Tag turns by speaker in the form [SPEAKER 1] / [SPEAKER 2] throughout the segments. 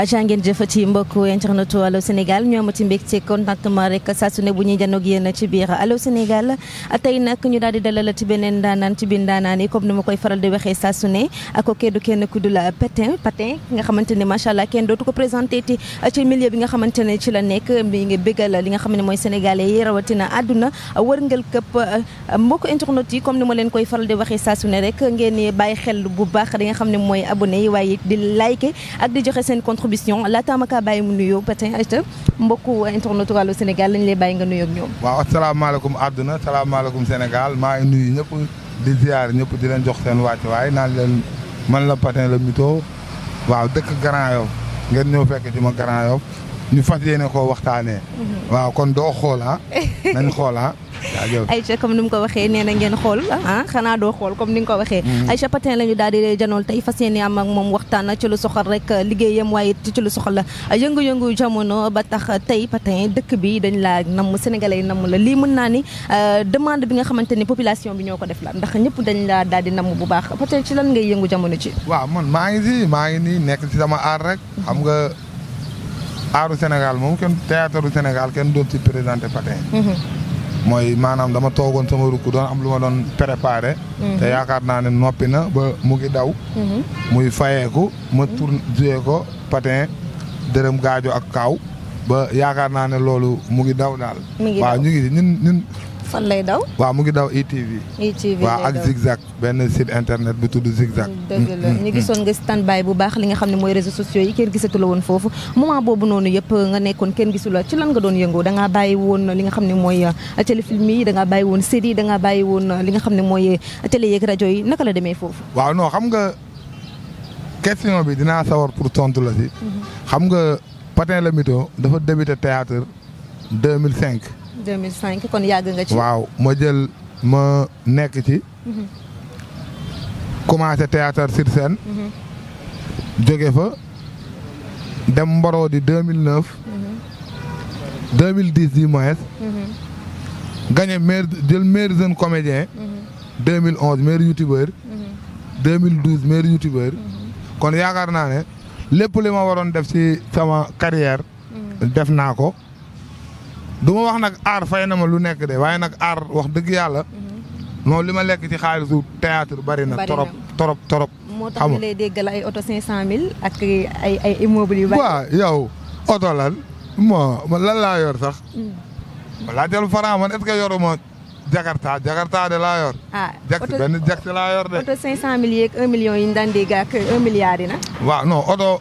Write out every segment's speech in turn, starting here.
[SPEAKER 1] agent ngeen jëf ci mbokku internetu allo Sénégal ñoo amati mbégte contentement rek saa su ne bu ñuy janoog yéen ci biir allo Sénégal tey nag ñu daal di dalal ci beneen ndaanaan ci biir ndaanaan yi comme ni ma koy faral di waxee saa su ne ak kooku du kenn ku dul Patin Patin nga xamante ne macha allah kenn dootu ko présenté ti ci milieu bi nga xamante ne ci la nekk mi ngi bégal li nga xam ne mooy sénégalais yi rawatina àdduna wërngal këpp mbokku internet yi comme ni ma leen koy faral di waxee saa rek ngeen bàyyi xel bu baax li nga xam ne mooy abonné yi waaye di like ak di joxe seen contribution laataa ma kaa bàyyi mu nuyoo Patin Aïcha mbokku internet Allô Sénégal lañ lay bàyyi nga nuyoo ak ñoom.
[SPEAKER 2] waaw asalaamaaleykum àdduna salaamaaleykum Sénégal maa ngi nuyu ñëpp di ziar ñëpp di leen jox seen waat waaye naan leen man la Patin la Mito waaw dëkk Grand Yoff ngeen ñëw fekk ci ma Grand Yoff ñu fas yéene ko waxtaanee. Mhm. waaw kon doo xoolaa ah. nañ xoolaa. Ah.
[SPEAKER 1] Aïcha comme ni mu ko waxee nee na ngeen xool ah xanaa doo xool comme ni nga ko waxee mm. Aïcha Patin la ñu janool tey fas yéene am ak moom waxtaan ci lu soxal rek liggéeyam waaye ci lu soxal yëngu-yëngu jamono ba tax tey Patin dëkk bi dañ laa namm sénégalais namm la lii mën naa ni euh, demande bi nga xamante ni population bi ñoo ko def la ndax ñëpp dañ laa daal nam namm bu baax Patin ci lan ngay yëngu jamono
[SPEAKER 2] ci waaw man maa ngi si maa ngi nii nekk ci sama aar rek mm-hmm. xam nga aaru Sénégal moom kenn Sénégal kenn ci présenté Patin mm-hmm. mooy maanaam dama toogoon sama rukk doon am lu ma doon préparé. Mhm. te yaakaar naa ne noppi na ba mu ngi daw. Mhm. muy fayeeku ma mhm. tourne joué ko patin dërëm gaajo ak kaaw ba yaakaar naa ne loolu mu ngi daw daal. waaw ñu ngi ñun ñun fan lay daw. waaw mu ngi daw ITV. E
[SPEAKER 1] ITV e waaw ak
[SPEAKER 2] zigzag benn site internet bi tudd zigzag. Mm, dëgg
[SPEAKER 1] la mm, mm, gisoon nga standby bu baax li nga xam ne mooy réseaux sociaux yi kenn gisatu la woon foofu moment boobu noonu yëpp euh, nga nekkoon kenn gisu la ci lan nga doon yëngoo da ngaa bàyyi woon li nga xam ne mooy euh, téléfilm yi da ngaa bàyyi woon série da ngaa bàyyi woon euh, li nga xam ne mooy télé yeeg rajo yi naka la demee foofu.
[SPEAKER 2] waaw noo xam nga question bi dinaa sawar pour tontu la mm-hmm. xam nga Patin le Mito dafa débuté théâtre 2005.
[SPEAKER 1] 2005 kon yàgg nga ci. waaw
[SPEAKER 2] ma jël ma nekk ci. Mhm. commencé théâtre sur scène. Mhm. jóge fa dem mboroo di 2009. 2010 mhm. du moins. gagné meilleur jël meilleur jeune comédien. 2011 meilleur youtubeur. 2012 meilleur youtubeur. kon yaakaar naa ne lépp li ma waroon def ci sama carrière. def naa ko. du ma wax nag aar fay na ma lu nekk de waaye nag aar wax dëgg yàlla. non mhm. li ma lekk ci xaalisu théâtre bari na. torop torop torop
[SPEAKER 1] moo tax ñu lay déggal ay oto 500000 ak ay ay yu bari. waaw
[SPEAKER 2] yow oto lan moo lan laa yor sax. Mm. laajal Franc man est ce que yoruma Jakarta Jakarta de laa yor.
[SPEAKER 1] ah oto benn
[SPEAKER 2] Jax laa yor de. oto
[SPEAKER 1] 500000 yeeg million yi ñu daan dégg ak 1 milliard yi na
[SPEAKER 2] waaw non oto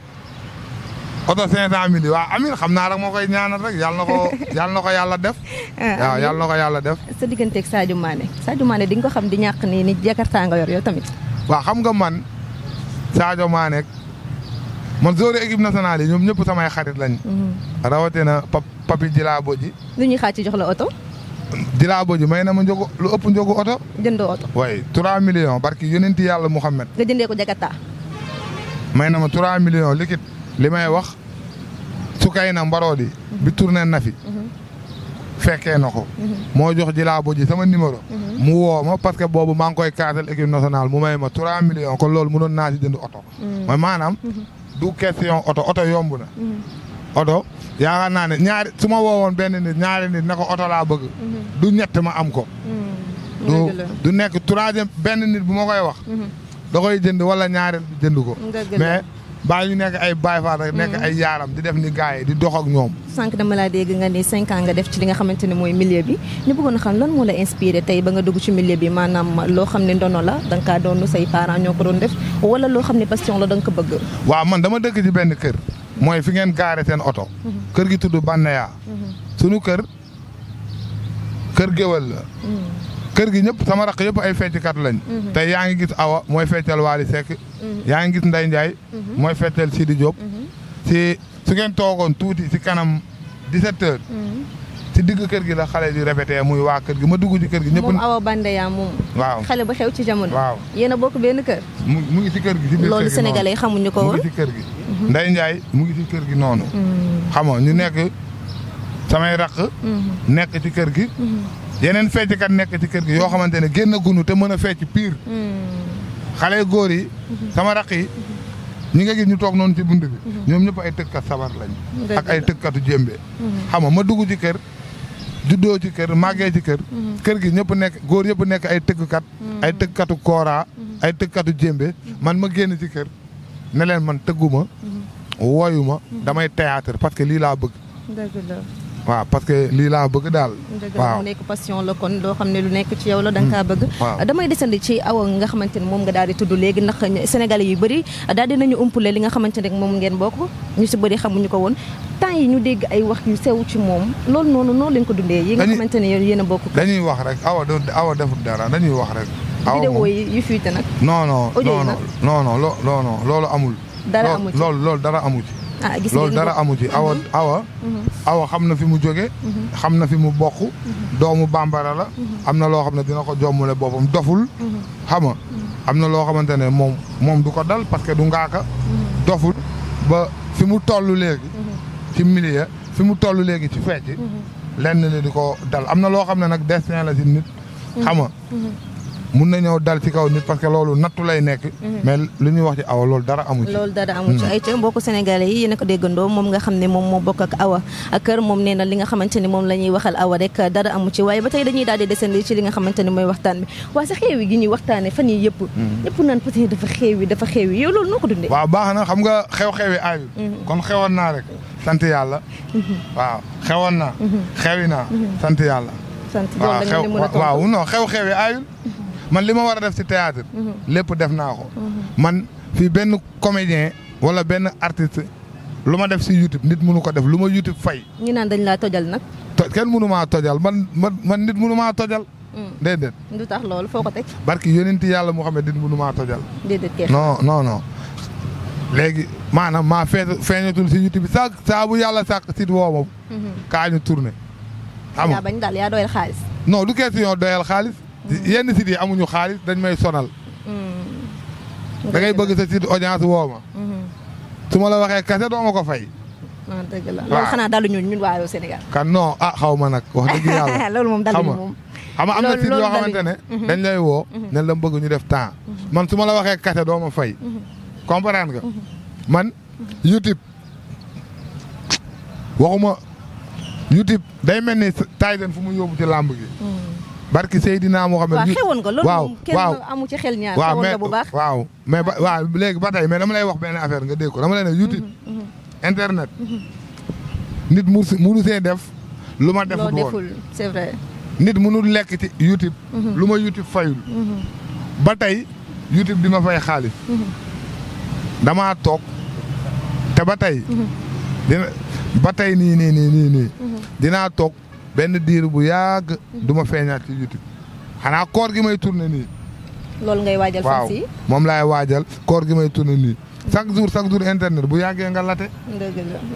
[SPEAKER 2] oto 500 mille waaw Amine xam naa rek moo koy ñaanal rek yàlla na ko yàlla def.
[SPEAKER 1] Ah, waaw yàlla na ko yàlla def. sa digganteeg Sadio Mané Sadio Mané di nga ko xam di ñàkk nii ni Jakarta nga yor yow tamit.
[SPEAKER 2] waaw xam nga man Sadio Mané man joueur équipe nationale yi ñoom ñëpp samay xarit lañ. Mm-hmm. rawatina pap papi Djilaabo ji.
[SPEAKER 1] lu ñuy xaar ci jox la oto.
[SPEAKER 2] Djilaabo ji may na ma njogu lu ëpp njogu oto. jëndoo oto waaye 3 millions barki yonenti yàlla Muhammad.
[SPEAKER 1] nga jëndee ko Jakarta.
[SPEAKER 2] na ma 3 millions liquide. li may wax Sukayna Mbarodi bi tourné na fi mhm. fekkee na ko mhm. moo jox Djilabo ji sama numéro mhm. mu woo ma parce que boobu maa ngi koy kaatal équipe nationale mu may ma trois millions ko loolu mënoon naa si jënd oto mooy maanaam du question oto oto yomb na oto yaakaar naa ne ñaari su ma woowoon benn nit ñaari nit na ko oto laa bëgg du ñett ma am ko du du nekk troisième benn nit bu ma koy wax da jënd wala ñaareel jënd ko mais bàyyi ñu nekk ay Baye Fall rek nekk mm. ay yaaram di def ni gars di dox ñoom
[SPEAKER 1] sànq dama laa dégg nga ni cinq nga def ci li nga xamante ne mooy milieu bi ñu bëggoon xam lan moo la inspiré tey ba nga dugg ci milieu bi maanaam loo xam ne ndono la da nga kaa doonu say parents ñoo ko doon def wala loo xam ne passion la da nga ko bëgg
[SPEAKER 2] waaw man dama dëkk ci benn kër mooy fi ngeen gaare seen oto mm-hmm. kër gi tudd Banaya mm-hmm. sunu kër kër géwël la mm. kër gi ñëpp sama raq yëpp ay fecckat lañ mhm. tey yaa ngi gis Awa mooy feccal waali Seck mhm. yaa ngi gis Ndeye Ndiaye mhm. mooy feccal Sidi Diop si su ngeen toogoon tuuti si kanam 17 heures si digg kër gi la xale di répété muy waa kër gi ma dugg ci kër gi. ñëpp moom Awa
[SPEAKER 1] Bandeya moom. waaw xale ba xew ci jamono. waaw yéen a bokk benn kër.
[SPEAKER 2] mu mu ngi si kër gi si biir kër gi loolu sénégalais xamuñu ko woon mu ngi si kër gi. nday Ndiaye mu ngi si kër gi noonu. xam nga ñu nekk samay rakk. nekk ci kër gi. yeneen fecckat nekk ci kër gi yoo xamante ne génn gunu te mën a fecc piir
[SPEAKER 3] hmm.
[SPEAKER 2] xale góor yi. Mhm. sama raq yi. ñu nga gis ñu toog noonu ci bunt bi. Mhm. ñoom ñëpp ay tëkkat sabar lañ. ak ay tëkkatu jéembe. Mhm. xam nga ma dugg ci kër. juddoo ci kër màggee ci kër. kër gi ñëpp nekk góor yëpp nekk ay tëggkat. ay tëggkatu kooraa. ay tëggkatu jëmbe man ma génn ci kër ne leen man tëgguma. woyuma damay théâtre parce que lii laa bëgg. waaw parce que lii laa bëgg daal.
[SPEAKER 1] waaw mu nekk passion la kon loo xam ne lu nekk ci yow la da nga hmm. kaa bëgg. damay desandi ci awa nga xamante ne moom nga daal di tudd léegi ndax sénégalais yu bëri daal dinañu umpule li nga xamante ne moom ngeen bokk ñu si bëri xamuñu ko woon temps yi ñu dégg ay wax yu sew ci moom loolu noonu noonu lañ ko dundee. yi nga xamante ne yéen a bokk. dañuy
[SPEAKER 2] wax rek awa do awa defut dara dañuy wax rek. awa vidéo
[SPEAKER 1] yi yu fuite nag.
[SPEAKER 2] non non non non non non loolu amul. dara amul loolu loolu dara amul ci Ah, loolu dara amu ci awa mhm. awa. Mhm. awa xam na fi mu jóge mhm. xam na fi mu bokk. doomu bambara la. am na loo xam ne dina ko jommule boppam doful. xam am na loo xamante ne moom moom du ko dal parce que du ngaaka. doful ba fi mu toll léegi. ci milieu fi mu toll léegi ci fecc lenn li di ko dal am na loo xam ne nag destin la ci nit. xam mun na ñëw dal ci kaw nit parce que loolu nattu lay nekk. Mhm. mais li ñuy wax awa loolu dara amu ci. ci hmm. ay
[SPEAKER 1] ca mbokku sénégalais yi yéen a ko déggandoo moom nga xam ne moom moo bokk ak awa ak kër moom nee na li nga xamante moom la ñuy waxal awa rek dara amu ci waaye ba tey dañuy daal di desandi ci li nga xamante ni mooy waxtaan bi waaye sa xeew yi gi ñuy waxtaanee fan yii yëpp. yëpp hmm. naan peut
[SPEAKER 2] na xam nga xew yi aayul. Hmm. kon xewoon naa rek sant yàlla. waaw xewoon naa. xew xew yi aayul man li ma war a def ci théâtre mhm. lépp def naa ko mhm. man fii benn comédien wala benn artist lu ma def si YouTube nit mënu ko def lu ma YouTube fay
[SPEAKER 1] ñu naan dañ laa tojal nag
[SPEAKER 2] kenn mënu maa tojal man man man nit mënu maa tojal mm. déedéet
[SPEAKER 1] du tax loolu foo ko teg
[SPEAKER 2] barki yonenti yàlla moo xam ne mënu maa tojal noo non léegi maanaam maa feeñ feeñatul si YouTube bi saa saa bu yàlla sàkk si wooma mhm. kaa ñu tourné. nga yaa bañ
[SPEAKER 1] daal yaa doyal xaalis.
[SPEAKER 2] non du question doyal xaalis yenn sites yi amuñu xaalis dañ may sonal.
[SPEAKER 1] Mm.
[SPEAKER 2] da bëgg sa site audience woo ma.
[SPEAKER 1] Mm-hmm.
[SPEAKER 2] ma la waxee kase doo ma ko fay.
[SPEAKER 1] ah dëgg la loolu xanaa daluñu ñun waa Sénégal.
[SPEAKER 2] kan ah xaw ma nag wax dëgg yàlla. loolu moom daluñu moom xam nga yoo xamante ne. Mm-hmm. dañ lay woo. Mm-hmm. ne la bëgg ñu def temps. man su ma la waxee kase doo ma fay. comprendre nga. man YouTube waxuma YouTube day mel ni Tyson fu mu yóbbu ci làmb gi. Mm. barki Seydina Mohamed. waaw xewoon nga loolu moom kenn
[SPEAKER 1] amu ci xel ñaar. xewoon nga bu baax
[SPEAKER 2] waaw mais ba waaw léegi ba tey mais dama lay wax benn affaire nga dégg ko dama lay ne YouTube. Mhm, mhm. internet. Mhm. nit mu munu see def. lu ma defut woon nit munul lekk ci YouTube. lu ma YouTube fayul. ba tey YouTube dima ma fay xaalis. damaa toog te ba tey. dina ba tey nii nii nii nii nii. dinaa toog. benn diir bu yàgg. du ma feeñaat ci YouTube. xanaa koor gi may tourné nii.
[SPEAKER 1] loolu ngay waajal fan si waaw
[SPEAKER 2] moom lay waajal koor gi may tourné nii. chaque jour chaque jour internet bu yàggee nga late.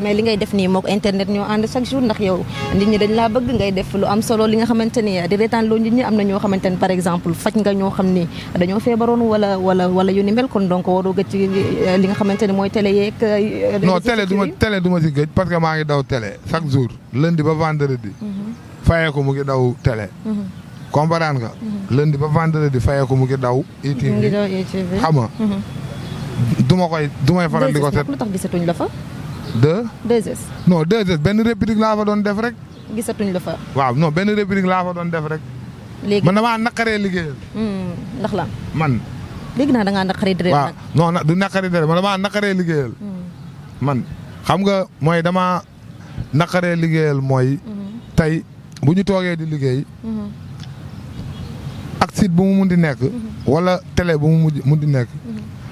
[SPEAKER 1] mais li ngay def nii moog internet ñoo ànd chaque jour ndax yow nit ñi dañ laa bëgg ngay def lu am solo li nga xamante ni di loo nit ñi am na ñoo xamante ni par exemple faj nga ñoo xam ni dañoo feebaroon wala wala wala yu ni mel kon donc waroo gëj ci euh, li nga xamante mooy télé yeeg. Euh, euh, non télé du ma
[SPEAKER 2] télé si gëj parce que maa ngi daw télé chaque jour lundi ba vendredi. Mhm. fayee ko mu ngi daw télé. Mhm. comprendre nga. Mhm. lundi ba vendredi fayee ko mu ngi daw. du ma koy du may faral di ko seet. lu
[SPEAKER 1] tax gisatuñ la fa. deux. deux S.
[SPEAKER 2] benn réplique laa fa doon def rek. gisatuñ waaw benn réplique laa fa doon def rek. léegi man damaa naqaree liggéeyal.
[SPEAKER 1] Hmm, ndax la man. léegi naa da ngaa naqaree dërër
[SPEAKER 2] nag. du naqaree dërër man damaa naqaree liggéeyal. Hmm. man xam nga mooy damaa naqaree liggéeyal mooy. Hmm. tey bu ñu toogee di liggéey. ak site bu mu mun di nekk. wala télé bu mu mun di nekk.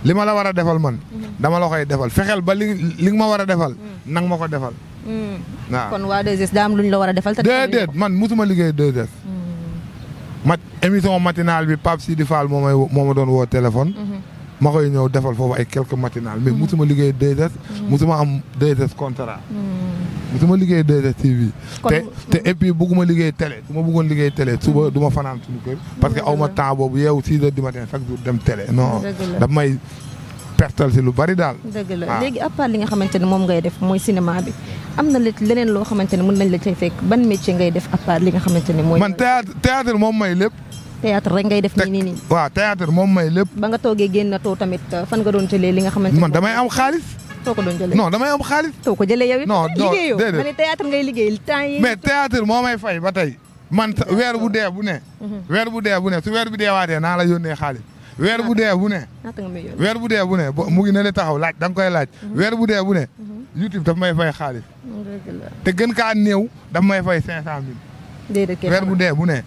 [SPEAKER 2] li ma la war a defal man. Mhm. dama la koy defal fexeel ba li li nga ma war a defal. Mhm. nang ma ko defal. Mhm. waaw kon
[SPEAKER 1] waa 2 daa am lu ñu la war a defal. te déedéet
[SPEAKER 2] man musuma liggéey 2S. mat émission matinale bi Pape Sidi Fall moo may moo ma doon woo téléphone. ma koy ñëw defal foofu ay quelques matinales mais musuma liggéey 2S. musuma am 2S su ma liggéey 2STV. kon te te et liggéey télé su ma bëggoon liggéey télé suba du ma fanaan suñu kër. parce que aw ma temps boobu yeewu 6 heures du matin chaque jour dem télé. non daf pertal si lu bari daal. Ah. léegi
[SPEAKER 1] à li nga xamante ne moom ngay def mooy cinéma bi am na leneen loo xamante ne mën nañ la cay fekk ban métier ngay def à li nga xamante ne mooy. man
[SPEAKER 2] théâtre théâtre moom may lépp.
[SPEAKER 1] théâtre rek ngay def nii nii nii.
[SPEAKER 2] waaw théâtre moom may lépp.
[SPEAKER 1] ba nga toogee génn too tamit fan nga doon jëlee li nga xamante ne man damay
[SPEAKER 2] am soo ko doon jëlee damay am xaalis. soo ko jëlee yow it non liggéeyoo ma
[SPEAKER 1] ne ngay liggéey temps yi
[SPEAKER 2] mais moo may fay ba tey man weer bu dee bu ne. Mhm. weer bu dee bu ne su weer bi deewaatee naa la yónnee xaalis. weer bu dee bu ne. weer bu dee bu ne mu ngi ne la taxaw laaj da koy laaj. Mhm. weer bu dee bu ne. Mhm. YouTube daf may fay xaalis.
[SPEAKER 3] Mm, te
[SPEAKER 2] gën kaa néew daf may fay cinq cent mille. déedéet weer bu dee bu ne.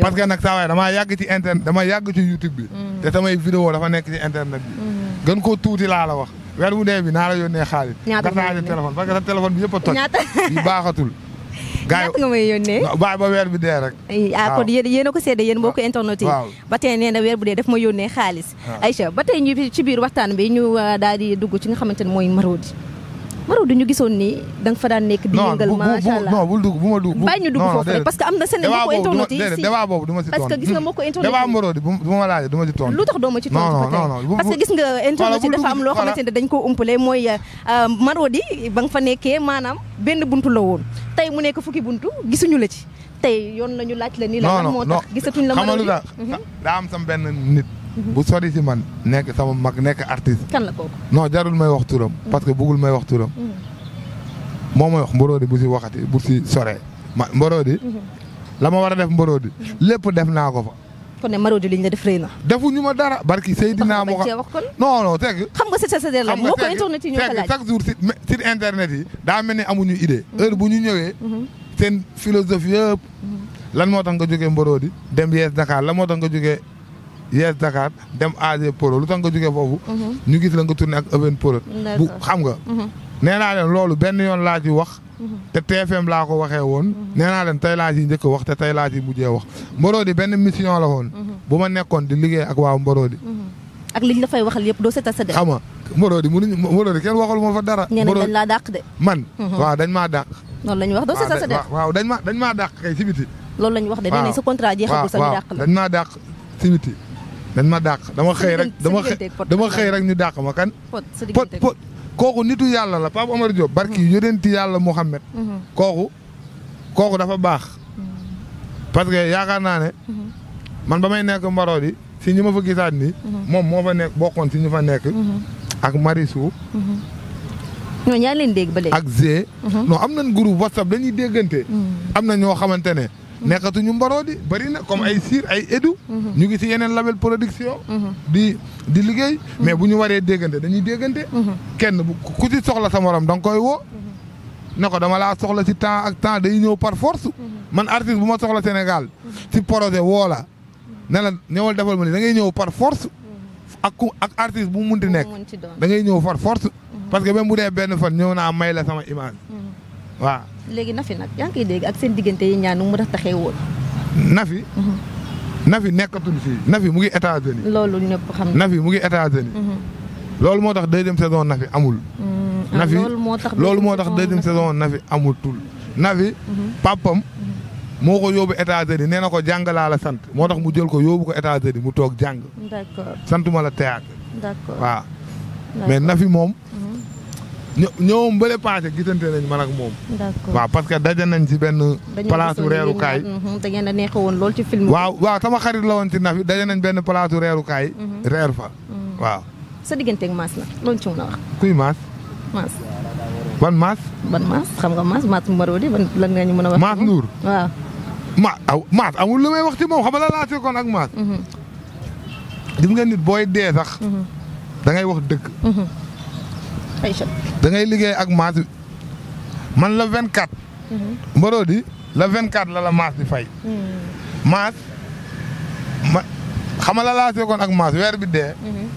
[SPEAKER 2] parce que nag saa waay damaa yàgg ci internet dama yàgg ci YouTube bi. te samay vidéo dafa nekk ci internet bi. gën koo tuuti laa la wax. weer wu dee bi naa la yónnee xaalis. ñaata nga yónnee téléphone parce bi yëpp a toj. ñaata yi baaxatul. gaay nga may yónnee bàyyi
[SPEAKER 1] ah, yéen ko seede yéen mbokku internet yi. waaw ba tey nee weer bu dee daf ma yónnee xaalis. Aïcha ba tey ñu ci biir waxtaan bi ñu ah, daal di dugg ci nga xamante ne mooy Marodi Marodi ñu gisoon ni danga fa daan nekk di yëngal macha allah dugg bu dugg bàyyi ñu dugg foofu rek parce que am na seen mbokku internet yi si débat
[SPEAKER 2] boobu parce que gis nga mbokku dafa
[SPEAKER 1] am loo xamante ne dañ koo umpale mooy euh, Marodi ba nga fa nekkee maanaam benn buntu la woon tey mu nekk fukki buntu gisuñu la ci tey yoon ñu laaj la nii la lan moo tax gisatuñ la Marodi
[SPEAKER 2] mhm. daa am sam benn nit Mhm. bu sori si man nekk sama mag nekk artiste. kan
[SPEAKER 1] la
[SPEAKER 3] kooku.
[SPEAKER 2] jarul may wax turam. Mhm. parce que bëggul may wax turam. Mhm. moo may wax Mborodi bu si waxati bu si soree ma Mborodi. la ma war a def Mborodi lépp def naa ko fa. kon ne li ñu def rëy na. defuñu ma dara barki Seydina moo ko non non teg. xam
[SPEAKER 1] nga c'est ça la moo internet yi ñu ko laaj chaque
[SPEAKER 2] jour internet yi. daa mel ni amuñu idée. heure bu ñu ñëwee. seen philosophie lan moo tax nga jógee Mborodi dem yees Dakar la moo tax nga jógee. Yes Dakar dem AG Polo lu tax nga jógee foofu. Mhm. ñu gis la nga tourné ak Even Polo. bu xam nga. Mhm. nee naa leen loolu benn yoon laa ci wax. Mhm. te TFM laa ko waxee woon. nee naa leen tey laa ciy njëkk wax te tey laa ciy mujjee wax. Mborodi benn mission la woon. bu ma nekkoon di liggéey ak waaw Mborodi.
[SPEAKER 1] ak liñ la fay waxal yëpp doo seetal sa def. xam nga
[SPEAKER 2] Mborodi mënuñu Mborodi kenn waxal ma fa dara. Mborodi dañ laa dàq de. man waaw dañ maa dàq.
[SPEAKER 1] noonu la ñuy wax doo seetal sa def
[SPEAKER 2] waaw dañ ma dañ maa dàq kay
[SPEAKER 1] loolu la wax de nee nañ sa contrat sa ñu dàq
[SPEAKER 2] la waaw waaw dañ ma dàq dama xëy rek dama dama xëy rek ñu dàq ma kan. pot pot kooku nitu yàlla la Pape Omar Diop. barki mm-hmm. yonenti yàlla Mouhamed. Mm-hmm. kooku kooku dafa baax. Mm-hmm. parce que yaakaar naa ne. man ba may nekk Marodi si ñi ma fa gisaat ni moom moo fa nekk bokkoon si fa nekk. ak Marisu.
[SPEAKER 1] ñooñu yaa leen dégg ba léegi. ak Zé. non am
[SPEAKER 2] na groupe WhatsApp dañuy déggante. am na ñoo xamante ne. nekkatuñu mboroo di bëri na comme ay siir ay edu mhm. ñu ngi si yeneen label production mhm. di di liggéey mhm. mais bu ñu waree déggante dañuy déggante kenn bu ku ci soxla sa morom da koy woo ne ko dama laa soxla si temps ak temps day ñëw par force man artiste bu ma soxla Sénégal si projet woola la ne la ñëwal defal ma ni da ñëw par force ak ku ak artiste bu mun munti nekk da ngay ñëw par force parce que même bu dee benn fan ñëw naa may la sama image waaw
[SPEAKER 1] léegi Nafi nag yaa ngi koy dégg ak seen diggante yi ñaanu mu tax taxee woon.
[SPEAKER 2] Nafi. Mhm. Nafi nekkatul fii Nafi mu ngi États-Unis.
[SPEAKER 1] loolu ñëpp xam
[SPEAKER 2] mu ngi états mhm. loolu moo tax deuxième saison Nafi amul.
[SPEAKER 1] Mhm. Ah, Nafi moo tax loolu moo tax deuxième
[SPEAKER 2] saison Nafi amul tul Nafi. papam moo ko yóbbu États-Unis nee na ko jàng laa la sant moo tax mu jël ko yóbbu ko États-Unis mu toog jàng. d'accord sant la théâtre.
[SPEAKER 3] d'accord waaw
[SPEAKER 2] mais Nafi moom. ño ñoom bële paase gisante nañ man ak moom. waaw parce que daje nañ ci benn. palaatu reerukaay mhm,
[SPEAKER 1] da ngeen a neex woon lool ci film waaw
[SPEAKER 2] waaw sama xarit la woon ci Nafi daje nañ benn palaatu reerukaay. Mhm. reer fa mhm. waaw.
[SPEAKER 1] sa digganteeg Mass nag
[SPEAKER 2] loolu ci mun a wax. kuy Mass. Mass. ban Mass. ban Mass xam nga ma Mass Marodi ban lan nga a waaw. ma aw Mass lu may wax ci moom xam nga la laajte kon ak Mass. gis nga nit booy dee sax. da wax dëgg. da ngay liggéey ak maas man la 24. Mhm. mbarodi la 24 la la maas di fay. Mhm. maas ma xama ak maas weer bi dee. Mhm.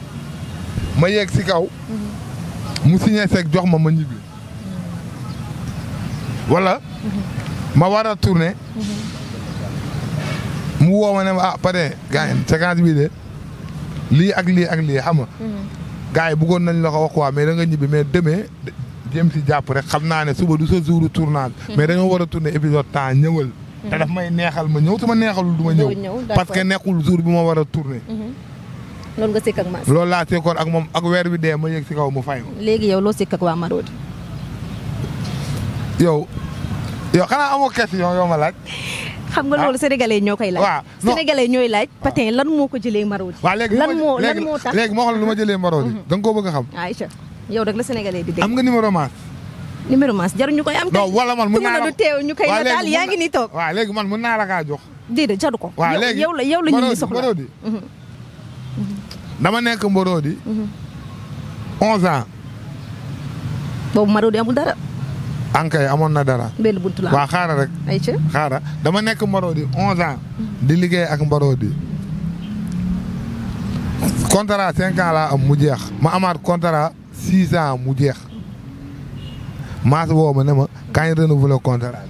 [SPEAKER 2] ma yeeg si kaw. mu signé seeg jox ma ma ñibbi. wala. ma war a tourné. mu woo ma ne ah pare gaañ séquence bii de lii ak lii ak lii xam gars yi bëggoon nañ la ko wax quoi mais da nga ñibbi mais demee jëm si jàpp rek xam naa ne suba du sa jour tournage. Hmm. mais dañoo war a tourner épisode temps ñëwal. te daf may neexal ma ñëw su ma neexalul du ma ñëw. parce que nekkul jour bi ma war a tourner.
[SPEAKER 1] Hmm. loolu nga sekk ak Mass. loolu
[SPEAKER 2] laa sekkoon ak moom ak weer bi dee ma yëg si kaw mu fay ma.
[SPEAKER 1] léegi yow loo sekk ak waa Marodi.
[SPEAKER 2] yow yow xanaa amoo question yow ma laaj.
[SPEAKER 1] xam nga loolu ah. sénégalais ñoo koy laaj. waaw ñooy laaj. patin lan moo ko jëlee Marodi. waaw léegi lan moo lan moo tax léegi moo xam lu ma
[SPEAKER 2] jëlee Marodi. Mhm. da nga koo a xam.
[SPEAKER 1] Aïcha yow rek la sénégalais di dégg. am nga numéro maas. numéro maas jaru ñu koy am. non wala man mën naa la du ñu koy nataal yaa ngi nii
[SPEAKER 2] toog. waaw léegi man mën naa la kaa jox. déedéet jaru ko. waaw léegi yow la yow la ñu ngi soxla mhm. dama nekk Marodi. 11 mhm. ans.
[SPEAKER 1] boobu Marodi amul dara.
[SPEAKER 2] ankay amoon na dara. benn buntu la waaw xaara rek. xaara dama nekk Marodi 11 di liggéey ak Marodi. contrat 5 ans laa am mu jeex. ma amaat contrat 6 ans mu jeex. maas woo ma ne ma kañ renouveler contrat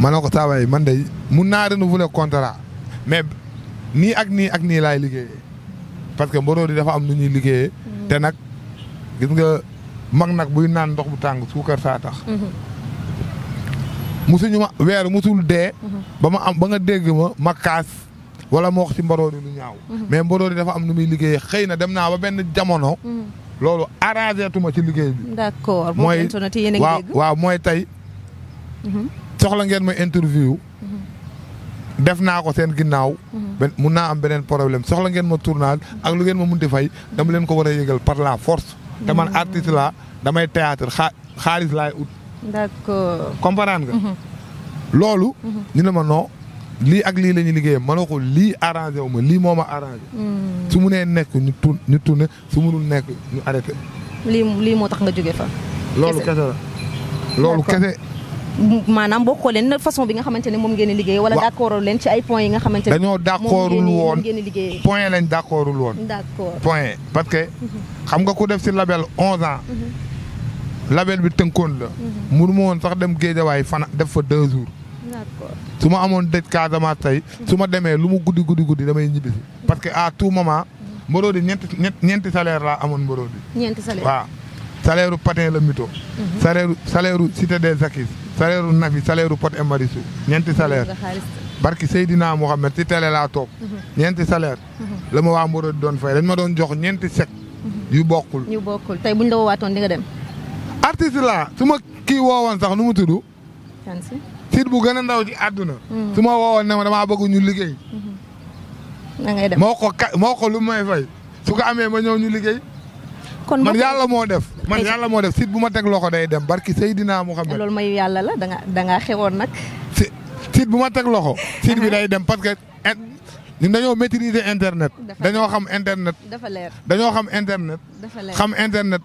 [SPEAKER 2] ma ne ko saa waay mu de mun naa renouveler contrat mais nii ak nii ak nii laay liggéeyee parce que Marodi dafa am nu ñuy liggéeyee. Mm. te nag mag nag buy naan ndox bu tàng suukar saa tax. musuñu mm-hmm. ma weer musul dee. Mm-hmm. ba ma am ba nga dégg ma ma kaas wala ma wax ci mbaroori lu ñaaw. Mm-hmm. mais mbaroori dafa am nu muy liggéey xëy na dem naa ba benn jamono. loolu arrangé ci liggéey bi.
[SPEAKER 1] d'accord mooy waaw
[SPEAKER 2] waaw mooy tey. soxla ngeen ma interview. def naa ko seen ginnaaw. mun naa am beneen problème soxla ngeen ma tournage ak lu ngeen ma munti fay dama leen ko war a yëgal par la force. te man artiste damay théâtre xaalis laay ut.
[SPEAKER 1] d'accord
[SPEAKER 2] comprendre mhm. loolu. Mhm. ñu ne ma non lii ak lii la ñuy liggéeyam ma lii arrangé wu lii moom ma arrangé.
[SPEAKER 1] Mhm. su
[SPEAKER 2] munee nekk ñu tun ñu tourné su munul nekk ñu arrêté.
[SPEAKER 1] lii lii moo tax nga jóge fa. loolu kese
[SPEAKER 2] la loolu kese.
[SPEAKER 1] maanaam bokkoo leen façon bi nga xamante ne moom ngeen di liggéey wala d'accord leen ci ay points yi nga xamante ne dañoo d'accordul woon
[SPEAKER 2] point lañ d'accordul parce que mhm. xam nga ku def si label onze ans mhm. label bi tënkoon la mënu mhm. woon sax dem géejawaay fan def fa deux jours su ma amoon dëj Casamance tey su ma demee lu mu guddi guddi guddi damay ñibbisi parce que à tout moment mboroo di ñeenti ñeenti salaire laa amoon mboroo di
[SPEAKER 1] ñeenti salaire waaw
[SPEAKER 2] salaire patin la mito salaire salaire cité des acquis salaire u Nafi salaire u Pod et Marichou ñeenti salaire barki Seydina Mohamed ci télé laa toog mhm. ñeenti salaire mhm. la ma waa Mbour doon fay dañ ma doon jox ñeenti sec mhm. yu bokkul
[SPEAKER 1] yu bokkul tey buñ la woowaatoon di nga dem
[SPEAKER 2] artiste laa su ma kii woowoon sax nu mu tudd site bu gën a ndaw ci àdduna su ma woowoon ne ma damaa bëgg liggéey na ngay dem moo ka moo ko lu may fay su ko amee ma ñëw ñu liggéey kon man yàlla moo def man yàlla moo def site bu ma teg loxo day dem barki Seydina Mouhamed. loolu may yàlla
[SPEAKER 1] la da nga da nga xewoon nag.
[SPEAKER 2] si site bu ma teg loxo. site bi day dem parce que ñun dañoo maîtriser internet. dañoo xam internet. dafa
[SPEAKER 1] dañoo xam internet. dafa leer xam
[SPEAKER 2] internet.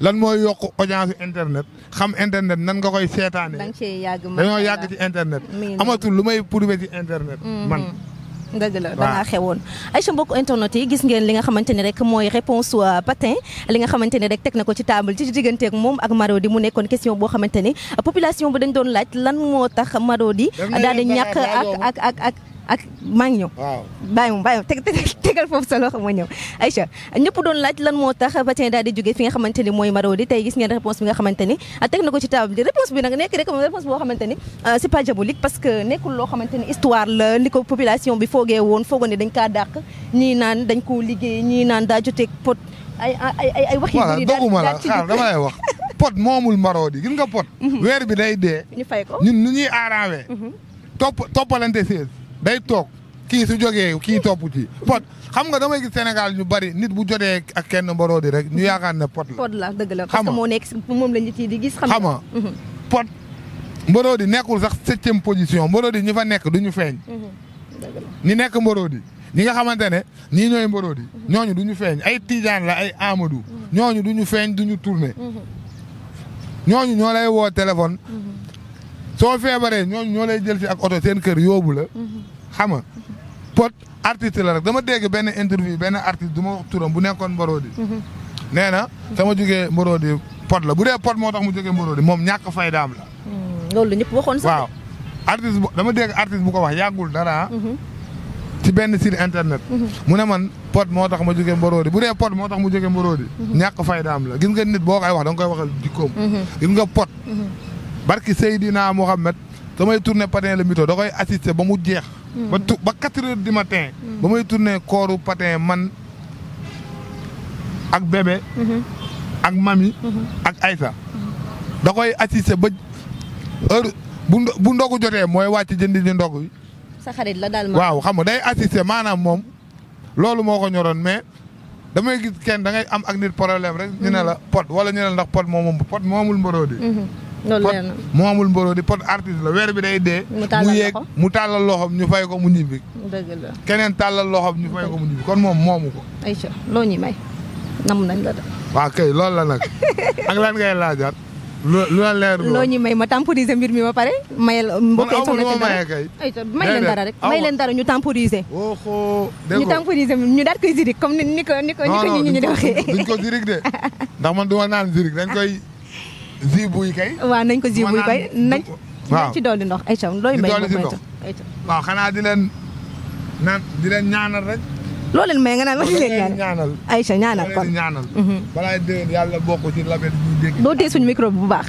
[SPEAKER 2] lan mooy yokk audience internet xam internet nan nga koy seetaanee. da nga
[SPEAKER 1] cee yàgg dañoo yàgg ci
[SPEAKER 2] internet. amatul lu may prouvé ci internet. Mm-hmm. man
[SPEAKER 1] dëgg la da ngaa xewoon Aïcha mbokk internet yi gis ngeen li nga xamante ne rek mooy réponse euh, patin li nga xamante ne rek teg na ko ci table ci digganteeg moom ak Marodi mu nekkoon question boo xamante ne population bi dañ doon laaj lan moo tax Marodi daal di ñàkk ak ak ak ak maa ngi ñëw. waaw bàyyi moom bàyyi moom teg tegal foofu sa loxo ma ñëw. Aïcha ñëpp doon laaj lan moo tax Batin daal di jógee fi nga xamante ni mooy Marodi tey gis ngeen réponse bi nga xamante ni ah, teg na ko ci table bi réponse bi nag nekk rek réponse boo xamante ni ah, c'est pas diabolique parce que nekkul loo xamante ni histoire la li ko population bi foogee woon foogoo ne dañ kaa dàq ñii naan dañ koo liggéey ñii naan daa joteeg pot ay ay ay wax yu bëri daal voilà doguma la xaar dama lay
[SPEAKER 2] wax. pot moomul Marodi gis nga pot. Mhm. weer bi day dee.
[SPEAKER 1] ñu fay ko ñun nu ñuy arrangé.
[SPEAKER 2] Mhm. topp toppalante séer day toog kii su jógee kii topp ci pot xam nga damay gis Sénégal ñu bari nit bu jotee ak kenn mboroo di rek ñu yaakaar ne pot la. pot
[SPEAKER 1] la dëgg la parce moo nekk moom la nit yi di gis. xam nga mhm.
[SPEAKER 2] mboroo di nekkul sax septième position mboroo di ñi fa nekk du ñu feeñ.
[SPEAKER 1] Mhm.
[SPEAKER 2] ñi nekk mboroo di ñi nga xamante ne ñii ñooy mboroo di mhm. ñooñu du ñu feeñ ay Tijaan la ay Amadou. ñooñu duñu ñu feeñ du ñu tourné. ñooñu ñoo lay woo téléphone. soo feebaree ñooñu ñoo lay jël si ak oto seen kër yoobu la. xam nga pot artiste la rek dama dégg benn interview benn artiste du ma wax turam bu nekkoon Mborodi. nee na sama jógee Mborodi pot la bu dee pot moo tax mu jógee Mborodi moom ñàkk faydaam la. Hmm, loolu la ñëpp waxoon sax. waaw artiste dama dégg artiste bu ko wax yàggul dara. Hmm. ci benn site internet. Hmm. mu ne man pot moo tax ma jógee Mborodi bu dee pot moo tax mu jógee Mborodi. ñàkk faydaam la gis nga nit boo koy wax da nga koy waxal jikkoom. gis nga pot. barki Seydina Mohamed may tourné patin la mito da koy assisté ba mu jeex. Hmm. ba tu ba quatre heures ma matin. Hmm. ba may tourné kooru patin man ak bébé. Hmm. ak mami. ak Aïssa. da koy assisté ba heure bu bu ndogu jotee mooy wàcc jëndi ji ndog yi.
[SPEAKER 1] sa xarit la waaw xam nga day
[SPEAKER 2] assisté maanaam moom loolu moo ko ñoroon mais. damay gis kenn da ngay am ak nit problème rek. ñu ne la pot wala ñu ne la ndax pot moom pot moomul mboroo di
[SPEAKER 1] loolu leer na pot
[SPEAKER 2] moomul mbooloo di pot artiste la weer bi day dee. mu tàllal loxo mu yéeg mu ñu fay ko mu ñibbi. dëgg la keneen tàllal loxoom ñu fay ko mu ñibbi kon moom moomu ko.
[SPEAKER 1] ayca loo ñuy may nam nañ la de.
[SPEAKER 2] kay loolu la nag ak lan ngay laajaat. lu lu la leer loo ñu
[SPEAKER 1] may ma temporiser mbir mi ba pare. mayal mbokk yi soxna si kay. ayca may leen dara rek may leen dara ñu temporiser. oho
[SPEAKER 2] dégg ñu temporiser
[SPEAKER 1] ñu daal koy zirik comme ni ko ni ko ni ko ñi ñu di waxee. duñ ko
[SPEAKER 2] de ndax man du ma naan zirik dañ
[SPEAKER 1] ziibuy kay. waaw nañ ko ziibuy kay nañ. waaw ci dolli ndox ayca looy may. di dolli
[SPEAKER 2] waaw xanaa di leen di leen ñaanal rek.
[SPEAKER 1] loo leen may nga naan wax di leen ñaanal ayca ñaanal kon ñaanal.
[SPEAKER 2] Mhm. balaa ci label bu dégg.
[SPEAKER 1] doo tee suñu baax. micro bi
[SPEAKER 2] ban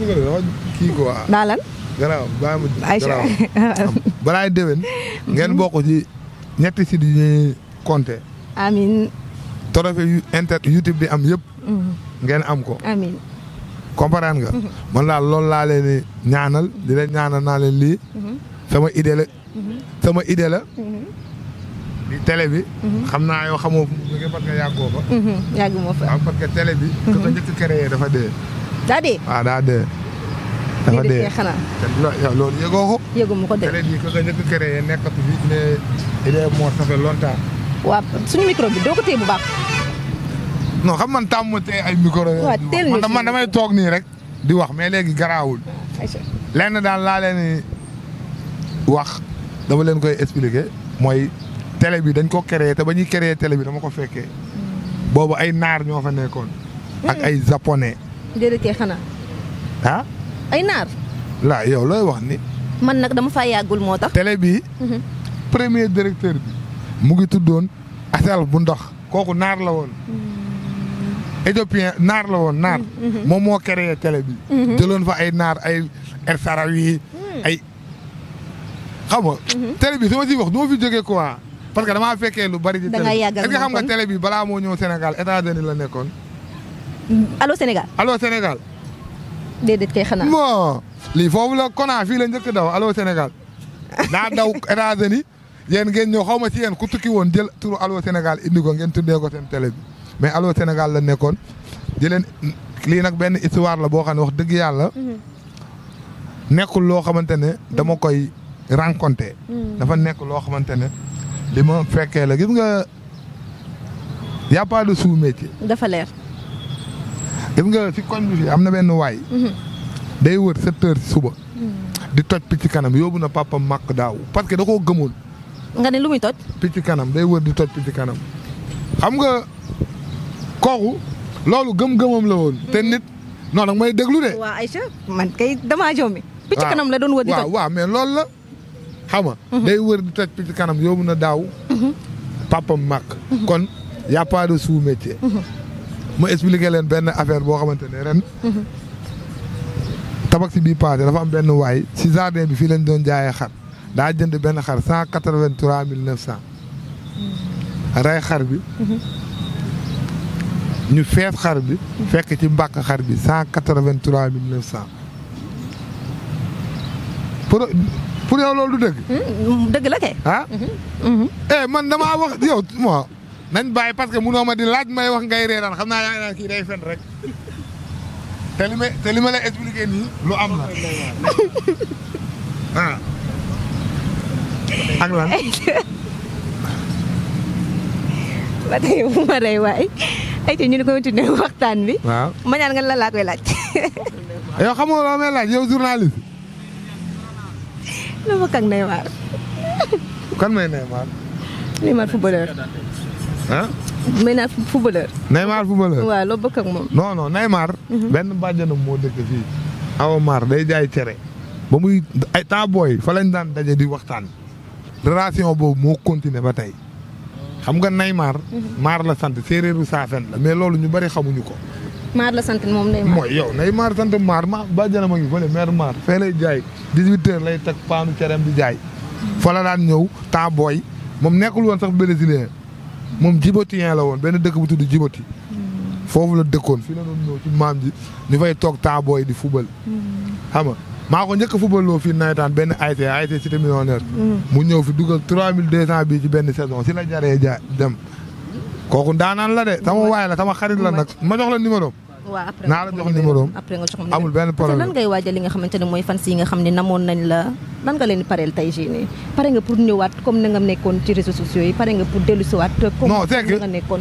[SPEAKER 2] micro dafa kii quoi. daa lan. garaaw bàyyi ma garaaw balaa déwén. Mhm. ngeen bokk ci ñetti si di ñuy compter. amiin. trophée yu inter am yëpp. Mhm. ngeen am ko. comprendre nga. Mhm. man daal loolu laa leen di ñaanal di ñaanal naa leen lii. sama mhm. idée sama idée la. Mhm. di télé bi. xam naa yoo xamoo fu mu parce que yàggoo fa. yàgguma fa waaw ah, parce que télé bi. ku ko njëkk créé dafa dee. daa dee waaw daa dee. dafa dee lii xanaa. te loolu yëgoo ko.
[SPEAKER 1] yëguma ko dee télé bi
[SPEAKER 2] ku ko njëkk créé nekkatu fi ne idée moo tafe longtemps.
[SPEAKER 1] waaw suñu micro bi doo ko téye bu baax.
[SPEAKER 2] non xam man tàmm te ay micro yooyu. man damay toog nii rek. di wax mais léegi garaawul. lenn daal laa leen wax dama leen koy expliquer mooy télé bi dañ ko créé te ba ñuy créé télé bi dama ko fekkee.
[SPEAKER 1] Hmm.
[SPEAKER 2] boobu ay naar ñoo fa nekkoon. ak hmm. ay japonais. ah. ay naar. laa yow looy wax ni. man nag dama faa yàggul moo tax. télé bi. Hmm. premier directeur bi mu ngi tuddoon Asal bu ndox kooku naar la woon. éthiopien naar la woon naar. Mm-hmm. Mm-hmm. moom moo créé télé bi. Mm-hmm. jëloon fa ay naar ay El Sarawi mm. ay xam nga. télé bi su ma wax du fi jógee quoi parce que damaa fekkee lu bari. ci télé bi est-ce que xam balaa moo ñëw senegal états la nekkoon. allo senegal allo senegal
[SPEAKER 1] déedéet kay xanaa.
[SPEAKER 2] bon lii foofu la kona la njëkk daw allo Sénégal daa daw États-Unis yéen ngeen ñëw xaw ma si yeen ku tukki woon jël turu allo Sénégal indi ko ngeen tuddee ko seen bi. mais aloo Sénégal la nekkoon di leen lii nag benn histoire la boo xam ne wax dëgg yàlla. Mhm. nekkul loo xamante ne dama mhm. koy rencontré. Mhm. dafa nekk loo xamante ne li fekkee la gis nga y' a pas de nga si bi am na benn waay. day wër sept suba. di toj picc kanam yóbbu na papa màkk daaw parce que da koo gëmoon. nga ne lu muy toj. picc kanam day wër di toj picc kanam xam nga kooku loolu gëm-gëmam la woon. te nit non nag may déglu de. waaw Aïcha man kay damaa jommi. picc kanam la doon wër di toj waaw waaw mais loolu la xam nga. Mhm. day wër di toj picc kanam yóbbu na daaw. Mhm. papam màkk. Mhm. kon y' a pas de sous métier. leen benn affaire boo xamante ne ren. tabax si bii passé dafa am benn waay si jardin bi fii lañ doon jaayee xar daa jënd benn xar cent quatre vingt trois mille neuf cent. rey xar bi. ñu fees xar bi fekk ci mbàkk xar bi cent quatre-vingt-trois mille neuf cent pour yow loolu du dëgg. Hmm, dëgg la kay. ah. eh man damaa wax yow mo nañ bàyyi parce que munoo ma di laaj may wax ngay reeraan xam naa yaa naan kii day fen rek te li ma te la expliqué nii lu am la ah ak lan.
[SPEAKER 1] ba tey bu ma rey waay ay te ñu ne continuer waxtaan bi. waaw ma ñaan nga la koy laaj.
[SPEAKER 2] yow xam laa loo may laaj yow journaliste.
[SPEAKER 1] lu ma kang Neymar.
[SPEAKER 2] kan may Neymar. Neymar footballeur. ah.
[SPEAKER 1] Neymar footballeur.
[SPEAKER 2] Neymar footballeur. waaw
[SPEAKER 1] loo bokk ak moom. non
[SPEAKER 2] non Neymar. Mhm. benn bàjjanam moo dëkk fii. Awa Mar day jaay cere. ba muy ay temps booy fa lañ daan daje di waxtaan. relation boobu moo continuer ba tey. xam nga Neymar. maar mhm. la sant séeréeru saafen la mais loolu ñu bari xamuñu ko.
[SPEAKER 1] maar la sant moom Neymar mooy
[SPEAKER 2] yow Neymar sant maar ma bàjjanam a ngi fële mère maar fee lay jaay 18h lay teg paanu cereem di jaay. fa la daan ñëw temps booy moom nekkul woon sax brésilien moom jibotien la woon benn dëkk bu tudd jiboti mhm. foofu la dëkkoon fii la doon ñëw ci maam ji ñu fay toog temps booy di fubal mhm. xam maa ko njëkk a footballoo fii nawetaan benn ASC ASC Cité Millionnaire. Mm. mu ñëw fi dugal 3200 bii ci benn saison si la jaree ja dem. kooku ndaanaan la de sama waay la sama xarit la nag ma jox la numéro waaw après naa la jox numéro après
[SPEAKER 1] nga jox ma amul benn problème lan ngay waajal li nga pareel tey jii pare nga pour ñëwaat comme na nga nekkoon ci réseaux sociaux yi pare nga pour dellu siwaat comme non c'est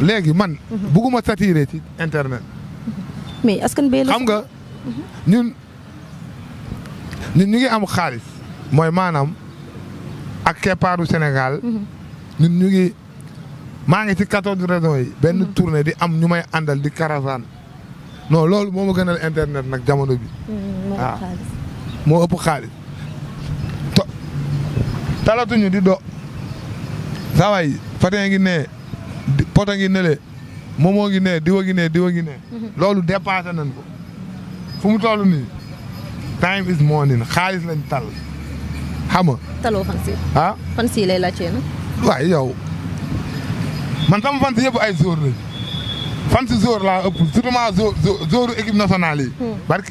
[SPEAKER 1] léegi
[SPEAKER 2] man mhm. bugguma satiré ci internet
[SPEAKER 1] mais askan bi xam nga
[SPEAKER 2] mhm. ñun ñu ngi am xaalis mooy maanaam ak keppaaru senegal ñun mhm. ñu ngi maa ngi ci quatorze régions yi. benn mhm. tournée di am ñu may àndal di karasan noo loolu moo ma gënal internet nag jamono bi. waaw mhm, ah. moo ëpp xaalis. to talatuñu di do. saa waay Fatin ngi ne Pota ngi ne le Momo ngi ne diwa ngi loolu dépassé nañ ko fu mu toll nii. time is morning xaalis lañ tal xam nga. taloo fan si. ah
[SPEAKER 1] fan si lay laajtee nag.
[SPEAKER 2] man sama fan yëpp ay jour lañ fan si jour laa ëpp surtout ma jour équipe nationale yi. Hmm. barke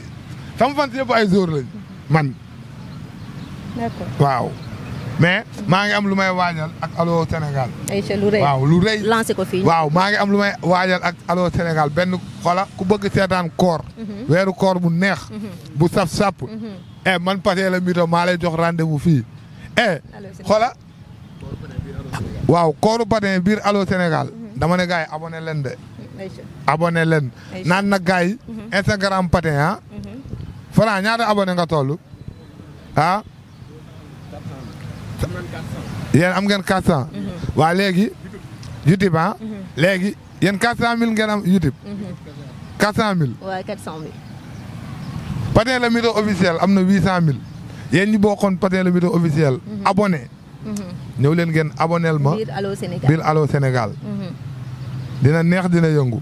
[SPEAKER 2] sama fan yëpp ay jour lañ man. waaw. mais maa ngi am lu may waajal ak Allô Sénégal. waaw lu rëy. lancé ko waaw maa ngi am lu may waajal ak Allô Sénégal benn xola ku bëgg seetaan koor. Mhm. weeru koor bu neex. Mhm. bu saf sap. Mhm. eh man Pathé la Mito maa jox rendez-vous fii. eh xola waaw kooru Pathé biir Allô Sénégal. dama ne gars yi abonné leen de. abonné leen. naan na gars yi. Instagram Pathé ah. Franc ñaata abonné nga toll ah.
[SPEAKER 1] yéen am ngeen quatre cent mhm.
[SPEAKER 2] waa léegi YouTube ah mhm. léegi yéen quatre cent mille ngeen am YouTube mhm. quatre cent mille
[SPEAKER 1] waaw quatre cent mille
[SPEAKER 2] Patin la météo officiel am na huit cent mille yéen ñi bokkoon Patin la météo officiel abonné ñëw leen ngeen aboneel ma
[SPEAKER 1] biir
[SPEAKER 2] Allô Sénégal dina neex dina yëngu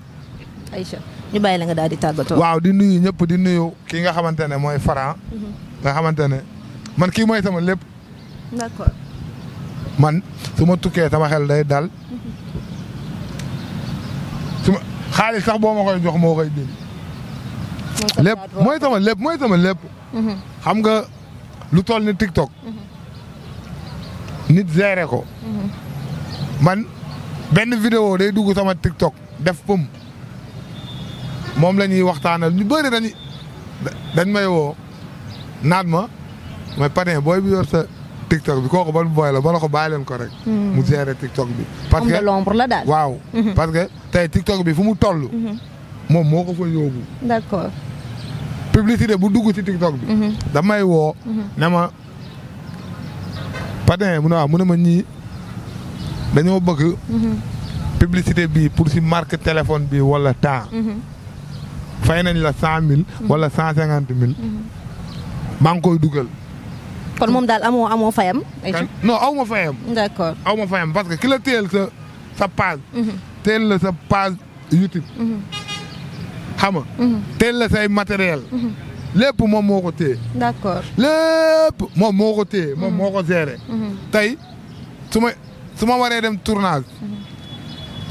[SPEAKER 1] Aïcha ñu bàyyi la waaw
[SPEAKER 2] di nuyu ñëpp di nuyu kii nga xamante ne mooy Franc nga xamante ne man kii mooy sama lépp d'accord man su ma tukkee sama xel day dal su ma xaalis sax boo ma koy jox moo koy jëli lépp mooy sama lépp mooy sama lépp mhm. xam nga lu toll ni TikTok mhm. nit géré ko mhm. man benn vidéo day dugg sama TikTok def pum moom la ñuy waxtaanal ñu bëri dañuy dañ may woo naat ma may patin booy bi yor sa TikTok bi kooku ban booy la ba la ko ko rek. Hmm. mu gérer TikTok bi. parce que l'ombre la daal. waaw hmm. parce que tey TikTok bi fu mu toll. Hmm. moom moo ko fa yóbbu. d'accord. bu dugg ci TikTok bi. damay woo. ne ma patin mu ne waaw mu ma ñii dañoo bëgg. publicité bi pour si marque téléphone bi wala temps. fay nañ la cent mille. wala cent cinquante mille. maa ngi
[SPEAKER 1] kon moom daal amoo amoo fayam.
[SPEAKER 2] no aw ma fayam. d'accord aw ma fayam parce que ki la téyel sa sa page. Mhm. la sa page YouTube. Mhm. xam nga. Mhm. la say matériel. lépp moom moo ko téye. d'accord lépp moom moo ko téye moom moo ko géré. tey suma ma su ma waree dem tournage.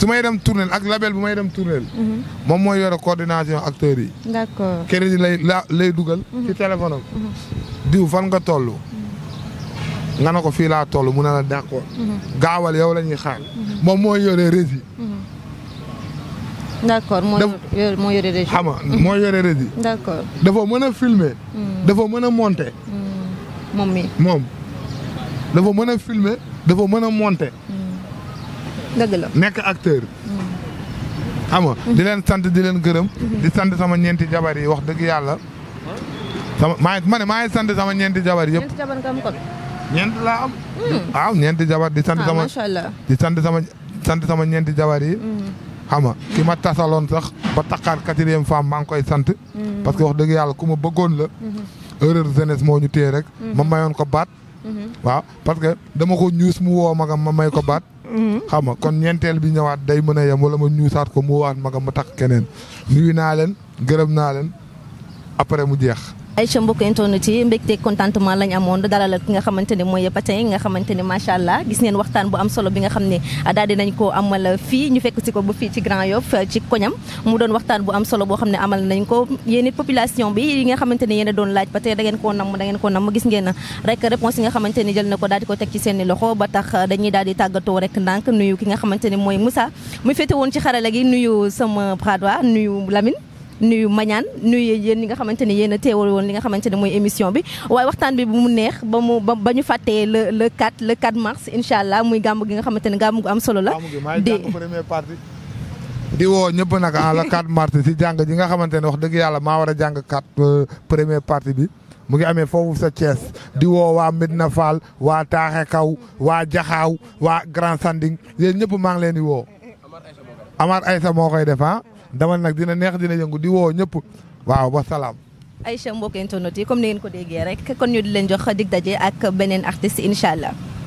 [SPEAKER 2] su may dem tournée ak label bu may dem tournée. Mhm. moom mooy yore coordination acteurs yi. d'accord crédit lay la lay dugal. ci mhm. téléphone mhm. diw fan nga tollu nga ne ko fii laa toll mu ne la d'accord. gaawal yow la ñuy xaar. moom mooy yore rési.
[SPEAKER 1] d'accord moo yore rési. xam nga moo yore rési. d'accord
[SPEAKER 2] dafa mën a filmer. dafa mën a monter. moom dafa mën a filmer dafa mën a monter. dëgg nekk acteur. xam nga di leen sant di leen gërëm. di sant sama ñeenti jabar yi wax dëgg yàlla. sama maa ma ne maa ngi sant sama ñeenti jabar yëpp. laa am. Hmm. waaw jabar di sant ah, sama di sant sama sant sama ñeenti jabar yi. Hmm. xam nga ki ma tasaloon sax ba takkaat quatrième femme maa ngi koy sant. Hmm. parce que wax dëgg yàlla ku ma bëggoon la. erreur jeunesse moo ñu téye rek. ma mayoon ko baat. waaw parce que dama ko ñuus mu woo magam ma may ko baat. xama kon ñeenteel bi ñawaat day mën a yem wala ma ñuusaat ko mu waat ma nga ma takk keneen nuyu naa leen gërëm naa leen après mu jeex.
[SPEAKER 1] ay mbokk internet yi mbégte contentement lañ amoon dalal ki nga xamante ne mooy Pathin nga xamante ne macha allah gis ngeen waxtaan bu am solo bi nga xam ne daal di ko amal fii ñu fekk si ko ba fii ci Grand Yoff mu doon waxtaan bu am solo boo xam ne amal nañ ko yéen population bi yi nga xamante ne yéen doon laaj Pathin da ngeen koo namm da ngeen koo namm gis ngeen rek réponse yi nga xamante ne jël na ko daal di ko teg ci seeni loxo daal di tàggatoo rek ndànk nuyu ki nga xamante ne mooy Moussa mu féete woon ci xarala gi nuyu sama Pradwa nuyu Lamine nuyu mañaan nuyu yéen ñi nga xamante ne yéen teewal woon li nga xamante ne mooy émission bi waaye waxtaan bi bu mu neex ba mu ba ñu fàttee le le 4 le 4 mars incha allah muy gàmmu gi nga xamante ne gàmmu gu am solo la di
[SPEAKER 2] di woo ñëpp nag en le 4 mars si jàng ji nga xamante ne wax dëgg yàlla maa war a jàng 4 euh, bi mu ngi amee foofu sa Thiès di woo waa Medina faal waa Taaxe Kaw waa Jaxaaw waa Grand Sanding yéen ñëpp maa ngi leen di woo Amar Aïssa moo koy def ah demal nag dina neex dina yëngu di woo ñëpp waaw ba salaam.
[SPEAKER 1] Aïcha mbokk internet yi comme ni ngeen ko déggee rek kon ñu di leen jox dig daje ak beneen artiste incha allah.